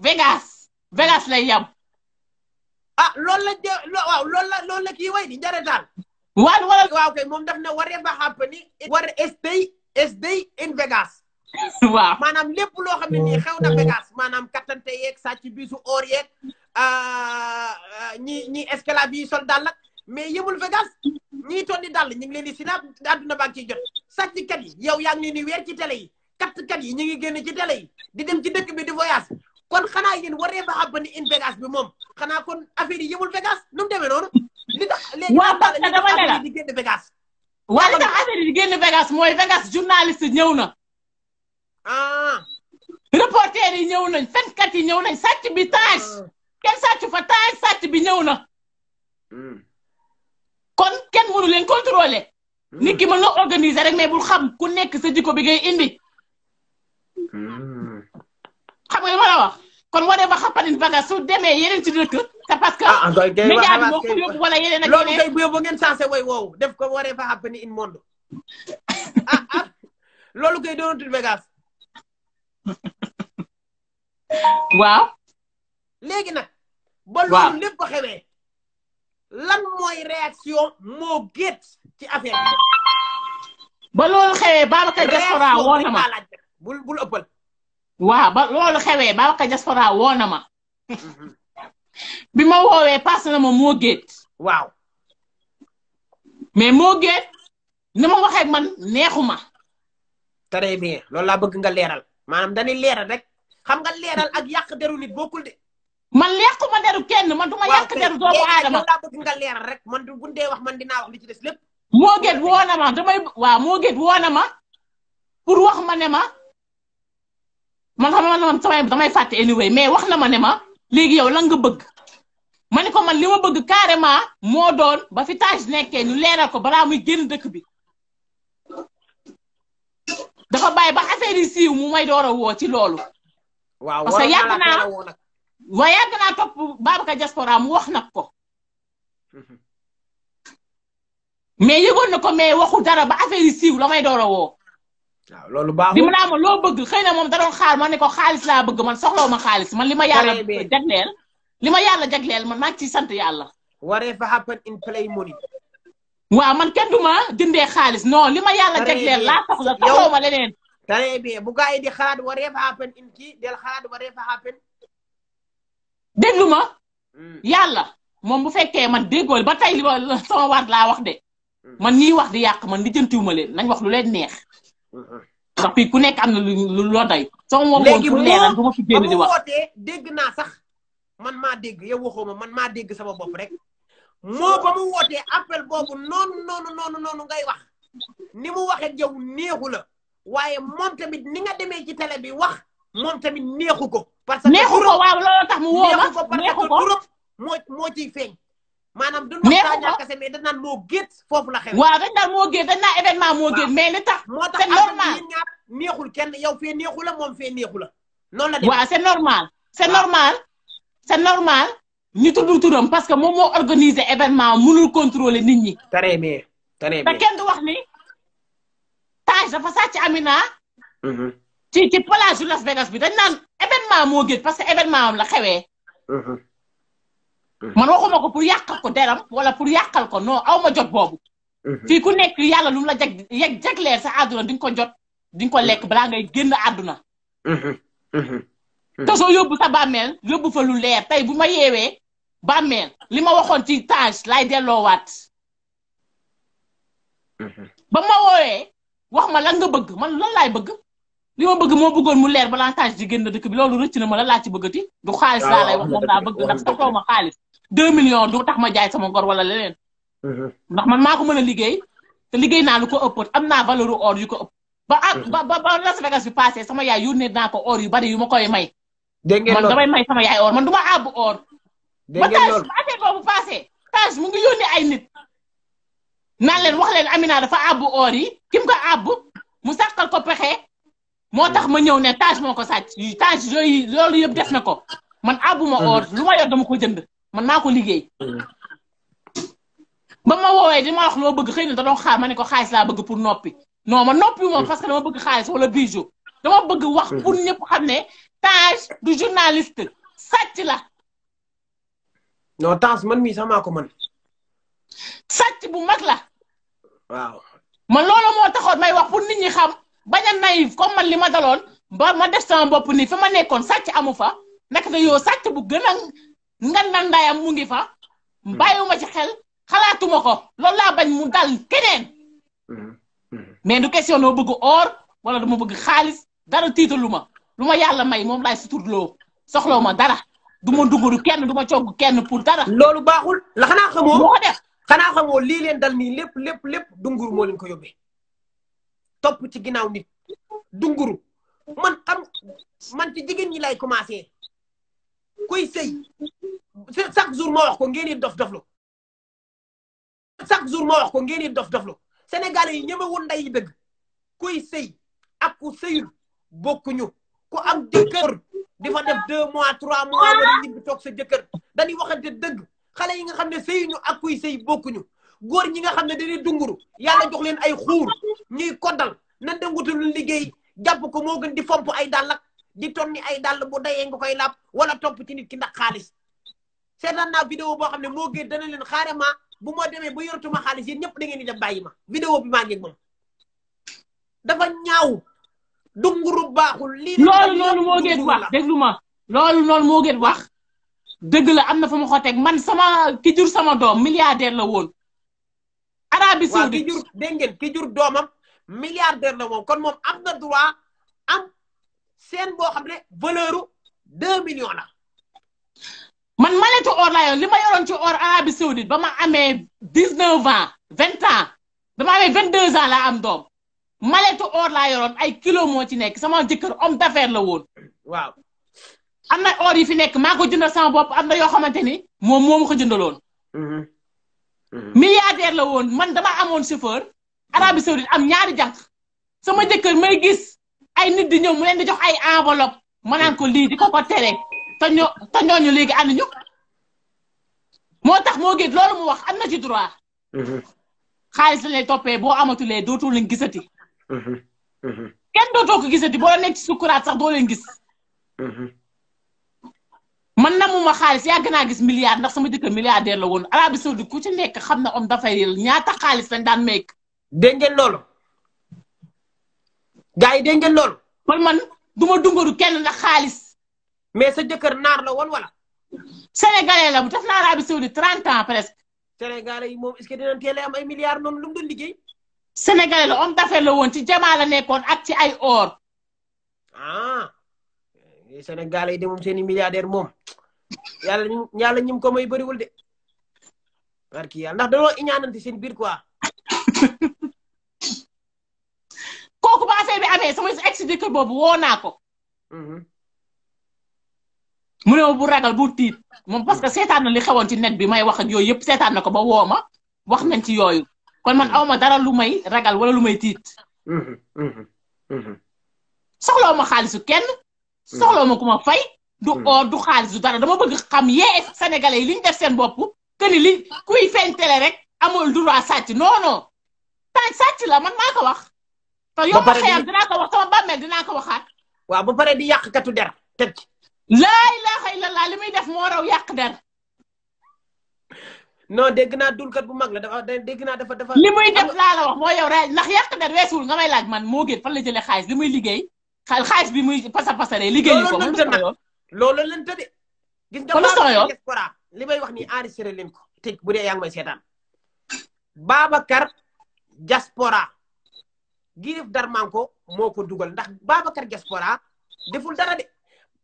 Vegas Vegas lay yam. ah loolu la jë waaw loolu la loolu la kii way di njaretaan. waaw wala waaw kay moom daf ne whatever happen war stay stay in Vegas. waaw maanaam lépp loo xam ne nii xew na Vegas maanaam kattante yeeg sàcc bisu or yeeg ah, ah, ñi ñi esclave yi sol dàll mais yëmul Vegas ñiy tondi dàll ñu ngi leen di sinaab àdduna baa ngi ciy jot sàcckat yi yow yaa ngi leen di weer ci télé yi kattkat yi ñu ngi génn ci télé yi di dem ci dëkk bi di voyage kon xanaa yéen waree ba àbbani in Vegas bi moom xanaa kon affaire yi yemul Vegas nu mu demee noonu. li tax léegi dañuy def yi di génn Vegas. waaw li tax affaire yi di génn Vegas mooy Vegas journaliste ñëw na. ah. reporter yi ñëw nañ fenkat yi ñëw nañ sàcc bi taaj. Ah. kenn sàcc fa taaj sàcc bi ñëw na. Hmm. kon ken mënu leen contrôler. Hmm. nit ki mën na organiser rek mais bul xam ku nekk sa jikko bi ngay indi. xam nga li ma la wax kon wane ba xapanin baga su demee yeneen ci dëkk te parce que ah, ah, média bi moo ko yóbbu wala yeneen ak yeneen bu yóbbu ngeen sensé way woowu def ko waree fa happen in monde ah ah loolu kay doonatul Vegas waaw léegi nag ba loolu lépp xewee lan mooy réaction moo gét ci affaire ba loolu xewee Babacar diaspora woon na ma bul bul ëppal waaw ba loolu xewee Babacar Diaspora woo na ma. Mhm. bi ma woowee passé na ma moo géet waaw mais moo géet ni ma waxee man neexu ma. très bien loolu laa bëgg nga leeral maanaam dañuy leeral rek xam nga leeral ak yàq deru nit bokkul de. man leeku ma deru kenn man du ma yàq deru doomu aadama loolu laa bëgg nga leeral rek man du bu dee wax man dinaa wax li ci des lépp. moo géet woo na ma damay waaw moo géet woo na wax ma ne ma. man xam man man samay damay fàtte anyway mais wax na ma ne ma léegi yow lan nga bëgg ma ne ko man li ma bëgg carrément moo doon ba fi Tange nekkee ñu leeral ko bala muy génn dëkk bi dafa bàyyi ba affaire yi siiw mu may door a woo ci loolu. waaw parce na yàgg naa waaye yàgg naa topp Babacar mu wax na ko. Mhm. mais yëgoon na ko mais waxu dara ba affaire yi siiw la may door a woo. waaw loolu baaxul di mu naa ah, ma loo bëgg xëy na moom da doon xaar ma ne ko xaalis laa bëgg man soxlaw ma xaalis man li ma yàlla jagleel li ma yàlla jagleel man maa ngi sant yàlla waree fa happen in waaw man kenn du ma jëndee xaalis noo li ma yàlla jagleel laa soxla soxlaw ma leneen très bu gaa yi di xalaat waree fa happen in kii del ma hmm. yàlla moom bu fekkee man déggool ba tey li ma laa wax de hmm. man ñiy wax di yàq man li jëntiwuma leen nañ wax lu leen neex ndax fii ku nekk am na lu loo day. soo ma di wax wootee dégg naa sax man maa dégg yow waxoo ma man maa dégg sama bopp rek moo ba mu wootee appel boobu noonu noonu noonu noonu ngay wax ni mu waxee yow neexu la waaye moom tamit ni nga demee ci télé bi wax moom tamit neexu ko. parce que neexu ko waaw looloo tax mu woo ma ko moo moo ciy feeñ. maanaam duñ wax daa ñàkk kese mais dañ naan moo géet foofu la xew waaw dañ naan moo géet dañ naan événement moo géet mais li tax moo tax normal yéen ñaar neexul kenn yow fee neexu la moom fee neexu la noonu la dem waaw c'est normal c'est normal c'est normal ñu tudd turam parce que moom moo organiser événement mënul contrôler nit ñi très bien très bien te kenn du wax ni Taj dafa sàcc Amina mm-hmm. ci ci plage yu Las Vegas bi dañ naan événement moo géet parce que événement am la xewee mm-hmm. man waxuma ko pour yàqal ko deram wala pour yàqal ko non aw ma jot boobu. Mhm. fii ku nekk yàlla lu la jag yag jagleel sa àdduna di ko jot di nga ko lekk mhm. balaa ngay génn àdduna. Mhm. te soo yóbbu sa bàmmeel yóbbu fa lu leer tey bu ma yeewee bàmmeel li ma waxoon ci tâche laay delloowaat. ba ma woowee wax ma lan nga bëgg man lan laay bëgg li ma bëgg moo bëggoon mu leer balaa tâche di génn dëkk bi loolu rëcc na ma lan laa ci bëggati. du xaalis laa lay wax ah, moom laa bëgg ndax soxla ma xaalis. deux millions du tax ma jaay sama ngor wala leneen. Mhm. ndax man maa ko mën a liggéey te liggéey naa lu ko ëpp am naa valeur or yu ko ëpp. ba ah, mhm. ba ba Las Vegas bi passé sama yaay yu ne naa ko or yu bari yu ma koy may. dégg ngeen man damay may sama yaay or man du ma àbb or. dégg ngeen loolu ba tâche boobu passé tâche mu ngi yónnee ay nit. naan leen wax leen Amina dafa àbb or yi kim ko àbb mu sàqal ko pexe moo tax ma ñëw ne tâche moo ko sàcc tâche yooyu loolu yëpp def na ko man àbbuma mhm. or yor dama ko jënd. man maa ko liggéey. ba ma woowee di ma wax loo bëgg xëy na da doon xaar ma ne ko xaalis laa bëgg pour noppi noo ma noppi moom parce que dama bëgg xaalis wala bijou dama bëgg wax pour ñëpp xam ne Tange du journaliste sàcc la. non Tange man mii sax maa ko mën. bu mag la. waaw. man loolu moo taxoon may wax pour nit ñi xam bañ a naïf comme man li ma daloon ba ma def sama bopp nii fi ma nekkoon sàcc amu fa naka la yoo sàcc bu gën nganda ndayam mu ngi fa. Hmm. bàyyiwuma ci xel xalaatuma ko loolu laa bañ mu dal keneen. Hmm. Hmm. mais du question noo bëgg or wala dama bëgg xaalis dara tiitalu ma lu ma yàlla may moom laay suturloo soxlaw ma dara duma ma kenn du ma cogg kenn pour dara. loolu baaxul la xanaa xamoo moo xamoo lii leen dal nii lépp lépp lépp dunguru moo leen ko yóbbee topp ci ginnaaw nit dunguru man xam man ci jigéen ñi lay commencé. kuy sey chaque jour ma wax ko ngeen di dof doflu chaque jour ma ko ngeen di dof doflu Sénégalais yi ñemewul nday dëgg kuy sëy ak ku sëyul bokkuñu ku am jëkkër di fa def deux mois trois mois wala ñibbi toog sa jëkkër dañuy waxante dëgg xale yi nga xam ne sëyuñu ak kuy sey bokkuñu góor ñi nga xam ne dañuy dunguru yàlla jox leen ay xuur ñuy koddal nan dem wutal lu liggéey jàpp ko moo gën di fomp ay dàll di tonni ay dàll bu dayee nga koy làpp wala topp ci nit ki ndax xaalis seetaan naa vidéo boo xam ne moo gën dana leen xaare bu ma demee ba yoratuma xaalis yéen ñëpp da ngeen di def bàyyi ma vidéo bi maa ngi moom dafa ñaaw dunguru baaxul lii loolu noonu moo gën wax déglu ma loolu noonu moo gën wax dëgg la am na fa ma ko man sama ki jur sama doom milliardaire la woon Arabie Saoudite ki jur dégg ngeen ki jur doomam milliardaire la woon kon moom am na droit am seen boo xam ne valeur deux millions la. man maletu or laa yor li ma ci or Arabie Saoudite ba ma amee dix neuf ans vingt ans dama ma amee vingt deux ans laa am doom maletu or laa ay kilo moo ci nekk sama jëkkër homme d'affaires la woon. waaw am na or yi fi nekk maa ko jëndal sama bopp am na yoo xamante ni moom moo ko jëndaloon. Mm-hmm. Mm-hmm. milliardaire la woon man dama amoon chauffeur. Arabie Saoudite am ñaari jànq sama jëkkër may gis. ay nit di ñëw mu leen di jox ay enveloppe ma naan ko lii di ko ko tere te ñoo te ñooñu léegi ànd ñu moo tax moo gét loolu mu wax am na ci droit mhm. xaalis lañ lay toppee boo amatulee dootul leen gisati mhm. Mhm. kenn dootoo ko gisati boo nekk ci sukuraat sax doo leen gis man namuma xaalis yàgg naa gis milliard ndax sama jëkkër milliardaire la woon Arabie Saoudite ku ci nekk xam na homme d'affaires yi ñaata xaalis lañ daan meek dégg ngeen loolu gars yi dégg ngeen loolu man man du ma dungaru kenn la xaalis mais sa jëkkër naar la woon wala. Sénégalais la mu def naa Arabie Saoudite 30 ans presque. Sénégalais moom est-ce am ay milliards noonu lu mu doon liggéey. la homme d'affaires la woon ci jamaa la nekkoon ak ci ay or. ah eh, Sénégalais yi de moom seen i milliardaire moom yàlla ñu yàlla ñim ko may bëriwul de. barki yàlla ndax dañoo iñaanante seen biir quoi. kooku ba affaire bi amee sama ex jëkkër boobu woo naa ko. Mm-hmm. mu ne ma bu ragal bu tiit moom parce que seetaan na li xewoon ci net bi may wax ak yooyu yëpp seetaan ko ba woo ma wax nañ ci yooyu kon man awma dara lu may ragal wala lu may tiit. Mm-hmm. Mm-hmm. soxloo ma xaalisu kenn. soxloo ma ku ma fay. du or du xaalis du dara dama bëgg xam yee sénégalais yi li def seen bopp que ni li kuy feeñ télé rek amul droit sàcc non non. sàcc la man maa ko wax. yow ma xëyam dinaa ko wax sama bàmmeel dinaa ko waxaat. waaw ba pare di yàq katu der teg ci. laa ilaaha illallaah li muy def moo raw yàq der. non dégg naa dulkat bu mag la dafa dégg naa dafa dafa. li muy def laa la wax moo yow rek ndax yàq der weesuwul nga may laaj man moo gën fan la jëlee xaalis li muy liggéey xaalis bi muy pasa pasaree. liggéeyu ko moom loolu lañ tëdd gis nga diaspora li may wax ni enregistré leen ko tëj bu dee yaa ngi may seetaan Babacar diaspora Girif Darmanko moo ko dugal ndax baaba Babacar Diaspora deful dara de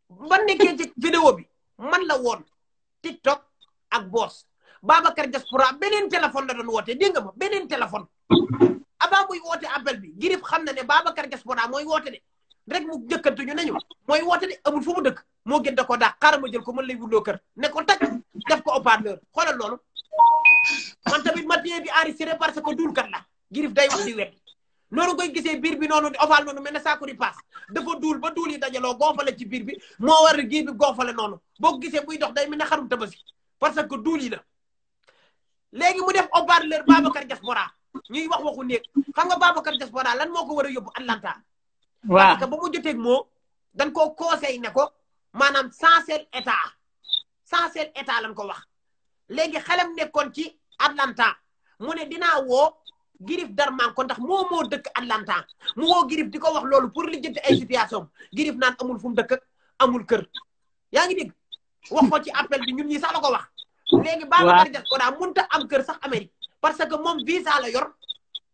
ba nekkee ci vidéo bi man la woon TikTok ak boos Babacar Diaspora beneen téléphone la doon woote dégg nga ma beneen téléphone avant muy woote appel bi Girif xam na ne Babacar Diaspora mooy woote de rek mu njëkkantuñu nañu mooy woote de amul fu mu dëkk moo gën da ko daax xaaral ma jël ko mën lay wutloo kër ne ko taj def ko haut-parleur xoolal loolu man tamit matin bi enregistré parce que duulkat la Girif day wax di wet noonu koy gisee biir bi noonu di oval noonu mel ne saakuri paas dafa duul ba duul yi dajaloo gonfale ci biir bi moo war gii bi gonfale noonu boo ko gisee buy dox day mel ne xarum tabaski parce que duul yi la léegi mu def haut-parleur Babacar Diaspora ñuy wax waxu néeg xam nga Babacar Diaspora lan moo ko war a yóbbu Atlanta waaw parce que ba mu joteeg moo dañ koo conseil ne ko maanaam chancel état chancel état lañ ko wax léegi xalem nekkoon ci Atlanta mu ne dinaa woo girif darman ko ndax moo moo dëkk Atlanta mu woo girif di ko wax loolu pour li jënd ay situation girif naan amul fu mu dëkk amul kër yaa ngi dégg. wax ko ci appel bi ñun ñi sax la ko wax. léegi Babacar Dias Koda mënut am kër sax Amérique. parce que moom visa la yor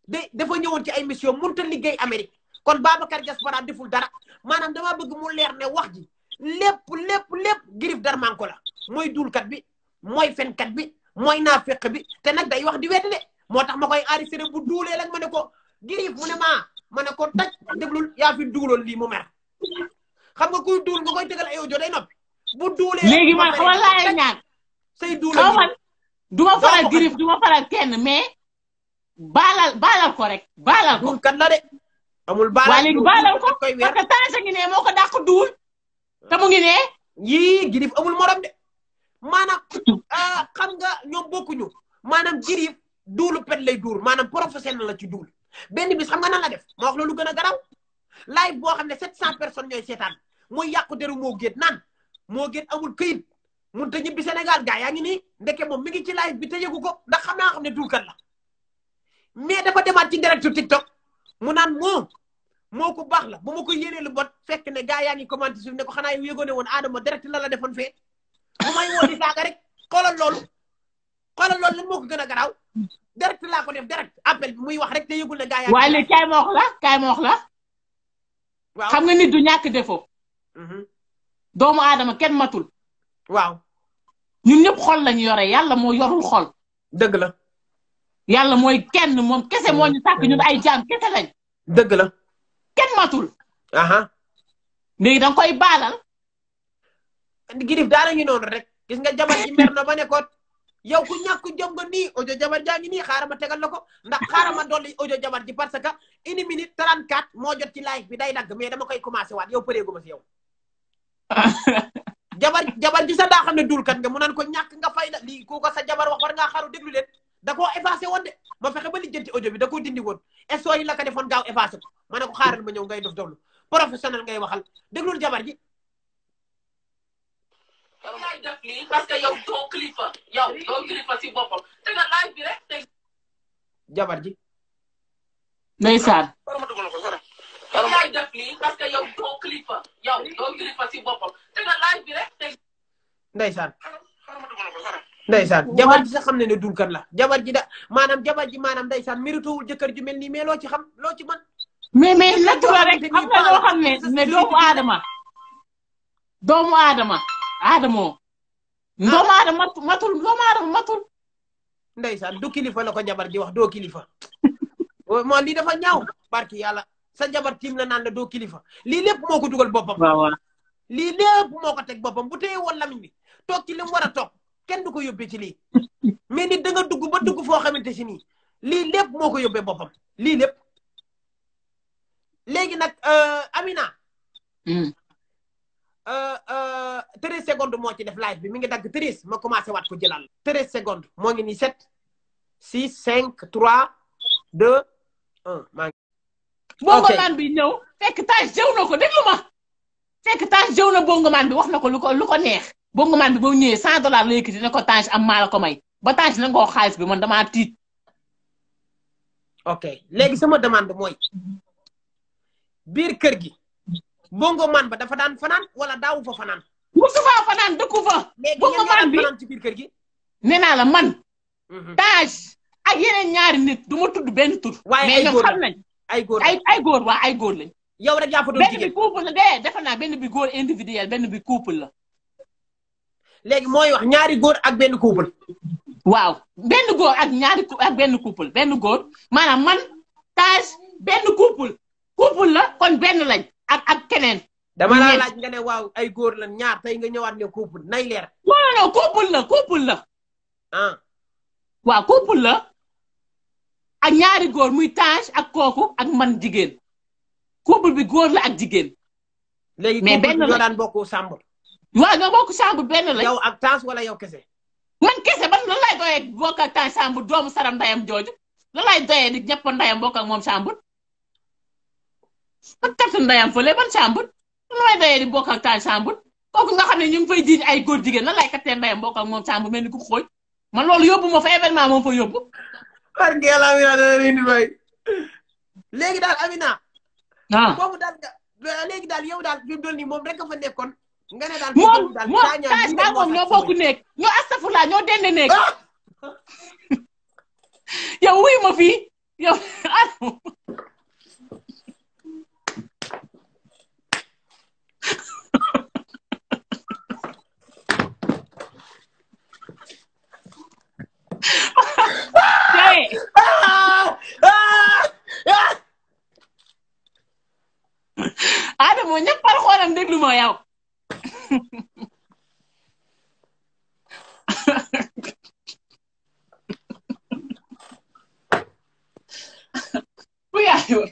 de dafa ñëwoon ci ay mission mënut a liggéey Amérique kon Babacar Dias Koda deful dara maanaam damaa bëgg mu leer ne wax ji lépp lépp lépp girif darman ko la mooy duulkat bi mooy fenkat bi mooy naafeq bi te nag day wax di wedd de. moo tax ma koy enregistré bu duulee rek ma ne ko girif mu ne ma ne ko taj déglul yaa fi duuloon lii mu mer xam nga kuy duul nga koy tegal ay audio day noppi bu duulee léegi man xamal laa lay ñaan say duule man du ma faral girif du ma faral kenn mais baalal baalal ko rek baalal ko duul kat la de amul baalal waa léegi baalal ko parce que tànsa ngi ne moo ko dàq duul te mu ngi ne yii girif amul morom de maanaam ah, xam nga ñoom bokkuñu maanaam girif duulu pet lay duur maanaam professionnel la ci duul benn bis xam nga nan la def ma wax loolu gën a garaw live boo xam ne 700 personnes ñooy seetaan moo yàqu deru moo géet naan moo géet amul këyit mun ta ñibbi Sénégal gaa yaa ngi nii ndeke moom mi ngi ci live bi te ko ndax xam na xam ne duulkat la mais dafa defaat ci directu TikTok mu naan moo moo ko baax la bu ma ko yéenee lu bot fekk ne gaa yaa ngi commenté ne ko xanaa yow yëgoone woon Adama direct la la defoon fee bu may woo di saaga rek xoolal loolu xoolal lool lan moo ko gën a garaaw direct laa ko def direct appel muy wax rek te yëgul ne gaa yaa waaye léegi kaay ma wax xam nga nit du ñàkk défaut mm-hmm. doomu aadama kenn matul waaw ñun ñëpp xol lañu yore yàlla moo yorul xol dëgg la yàlla mooy kenn moom kese moo ñu ñun ay jaam kese lañ dëgg la kenn matul aha léegi danga koy baalal girif daanañu noonu rek gis nga jabar ji mer na ba yow ku ñàkk jom nga nii audio jabar jaa ngi nii xaaral ma tegal la ko ndax xaaral ma dolli audio jabar ji parce que une minute 34 moo jot ci live bi day dagg mais dama koy commencé waat yaw pareegu ma si yow. jabar jabar ji sax daa xam ne dul kat nga mu naan ko ñàkk nga fay la lii ku ko sa jabar wax war ngaa xaru déglu leen da koo effacé woon de ma fexe ba lijjanti audio bi da koo dindi woon story la ko defoon gaaw effacé ko ma ne ko xaaral ma ñëw ngay def dollu professionnel ngay waxal déglul jabar ji yow parce que yow doo kilifa yow doo kilifa si boppam te nga laaj bi rek te. jabar ji. ndeysaan. yow yaay parce que yow doo kilifa yow doo kilifa si boppam te nga bi rek jabar ji sax xam ne ne dunkan la jabar ji da maanaam jabar ji maanaam ndeysaan méritowul jëkkër ju mel nii mais loo ci xam loo ci mën. mais mais nattu rek doomu aadama doomu adama aadamoo. Ah. doomu aadama matul doomu aadama matul. ndeysaan du kilifa la ko jabar ji wax doo kilifa. Oh, moo lii dafa ñaaw barki yàlla sa jabar tiim la naan la doo kilifa lii lépp moo ko dugal boppam. waaw lii lépp moo ko teg boppam bu téye woon lamiñ bi toog ci li mu war a toog kenn du ko yóbbee ci lii. mais nit da nga dugg ba dugg foo xamante si nii lii lépp moo ko yóbbee boppam lii lépp. léegi nag euh, Amina. Hmm. Euh, euh, treize secondes moo ci def live bi mi ngi dagg treize ma commencé waat ko jëlaat la treize secondes moo ngi nii sept six cinq trois deux un maa ngi. bongomaan bi ñëw fekk taaj jëw na ko déglu ma. fekk taaj jëw na bongomaan bi wax na ko lu ko lu ko neex. bongomaan bi ba mu ñëwee cent dollars la yëkkati ne ko taaj am maa ko may ba taaj na ngoo xaalis bi man damaa tiit. ok léegi sama demande mooy biir kër gi. bongo man ba dafa daan fanaan wala daawu fa fanaan. musu fanaan dëkku fa. bongo man bi fanaan ci biir kër gi. nee naa la man. Mhm. Tange ak yeneen ñaari nit duma tudd benn tur. waaye ay góor xam nañ ay góor ay ay góor waa ay góor lañ. yow rek yaa fa doon jigéen benn bi couple la de defe naa benn bi góor individuel benn bi couple la. léegi mooy wax ñaari góor ak benn couple. waaw benn góor ak ñaari ak benn couple benn góor maanaam man Tange benn couple couple la kon benn lañ. ak ak keneen. dama laa laaj nga ne waaw ay góor la ñaar tey nga ñëwaat ne couple nay leer. non non couple la couple la. ah. waaw couple la. ak ñaari góor muy Tange ak kooku ak man jigéen. couple bi góor la ak jigéen. léegi couple bi ñoo daan bokk chambre. waaw nga bokk chambre benn la. yow ak Tange wala yow kese. man kese man lan lay doyee bokk ak Tange chambre doomu saram ndayam jooju. lan lay doyee di ñëpp ndayam bokk ak moom chambre. ak kartu ndeyam fële ban sambut lu may dayee di bokk ak taal sambut kooku nga xam ne ñu fay diiñ ay góor jigéen nan lay kattee ndeyam moom sambut mel ni ku xóoj man loolu yóbbu ma fa événement moom fa yóbbu barkeel léegi daal Amina ah foofu léegi daal yow daal fi mu moom rek nga fa nekkoon nga ne daal moom moom taaj daa moom ñoo bokk néeg ñoo astafurlaa ñoo dende néeg ah! yow wuy ma fii yow ah. went. Ah, ah, ah. Adamo ñëpp par xoolam déglu ma yow. bu yaay woon.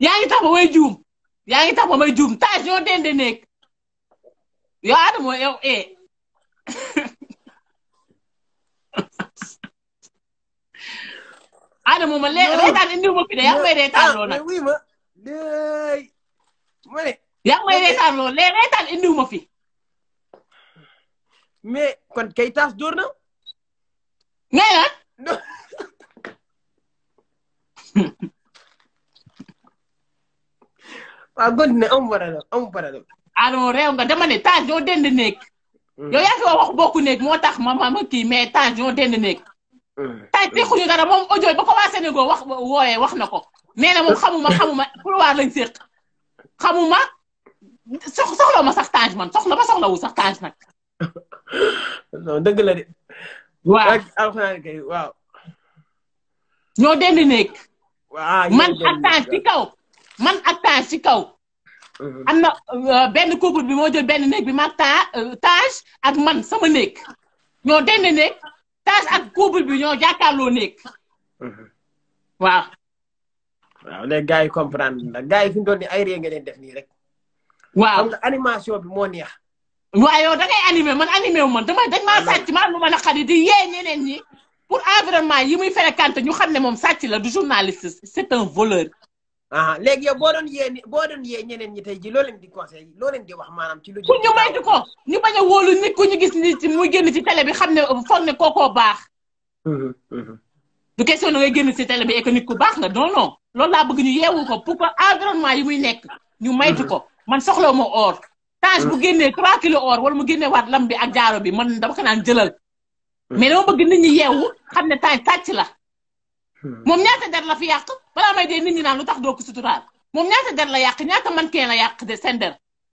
yaa ngi tax ba may juum yaa ngi tax ba may juum taaj ñoo dende nekk. yo Adamo yow eh. Adamo ma léegi reetaan indi ma fi de yaa ngi may reetaanloo nag. oui ma léegi ma yaa ngi may reetaanloo léegi reetaan indi ma fi. mais kon kay taas dóor na. nee na. waaw gën na amul problème amul problème. alors réew nga dama ne Tange doo dend nekk. Mm. yow fi wax bokku nekk moo tax ma ma kii mais Tange doo dend nekk. Mm. Tange tekkuñu dara moom audio ba ko waa Sénégal wax wax na ko nee na moom mm. xamuma xamuma couloir lañ séq xamuma soxla ma sax Tange man soxla ma soxlawu sax Tange nag. non dëgg la de. waaw ñoo dend nekk. man ak Tange ci kaw man ak Tange ci kaw. am na euh, benn couple bi moo jël benn néeg bi ma ta euh, Tange ak man sama néeg ñoo denn néeg Tange ak couple bi ñoo jàkkaarloo néeg waaw. waaw léegi yi comprendre na gars yi fi mu ay réer nga leen def nii rek. waaw xam nga animation bi moo neex. waaw yow da ngay animé man animé wu man dama dañ maa sàcc maa lu ma na xarit di yee ñeneen ñi pour environnement yi muy fréquenté ñu xam ne moom sàcc la du journaliste c'est un voleur. ah léegi yow boo doon yee boo doon yee ñeneen ñi tey ji loo leen di conseil loo leen di wax maanaam ci lu. pour ñu moytu ko ñu bañ a wóolu nit ku ñu gis nit muy génn si télé bi xam ne foog ne kookoo baax. Mhm, mhm. du question da ngay génn si télé bi et que nit ku baax nga non non lool laa bëgg ñu yeewu ko pour que environnement yi muy nekk. ñu may ti mhm. ko man soxla ma or. Tange bu génnee 3 kilo or wala mu génnee waat lam bi ak jaaro bi man dama ko naan jëlal. mais dama bëgg nit ñi yeewu xam ne Tange tàcc la. moom ñaata der la fi yàq. balaa may dee nit ñi naan lu tax doo ko suturaal moom ñaata der la yàq ñaata mannequin la yàq de seen der